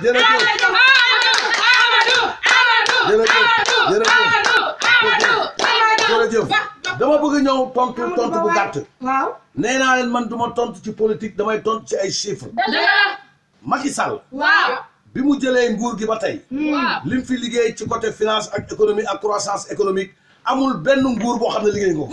jërëjëf dama bëgg ñëw tontu tontu bu gàtt. waaw man du tontu ci politique damay tontu ci ay chiffres. Macky Sall. bi mu jëlee nguur gi ba tey. Hmm. waaw lim fi liggéey ci côté finance ak économie ak croissance économique amul benn nguur boo xam ne liggéey ko.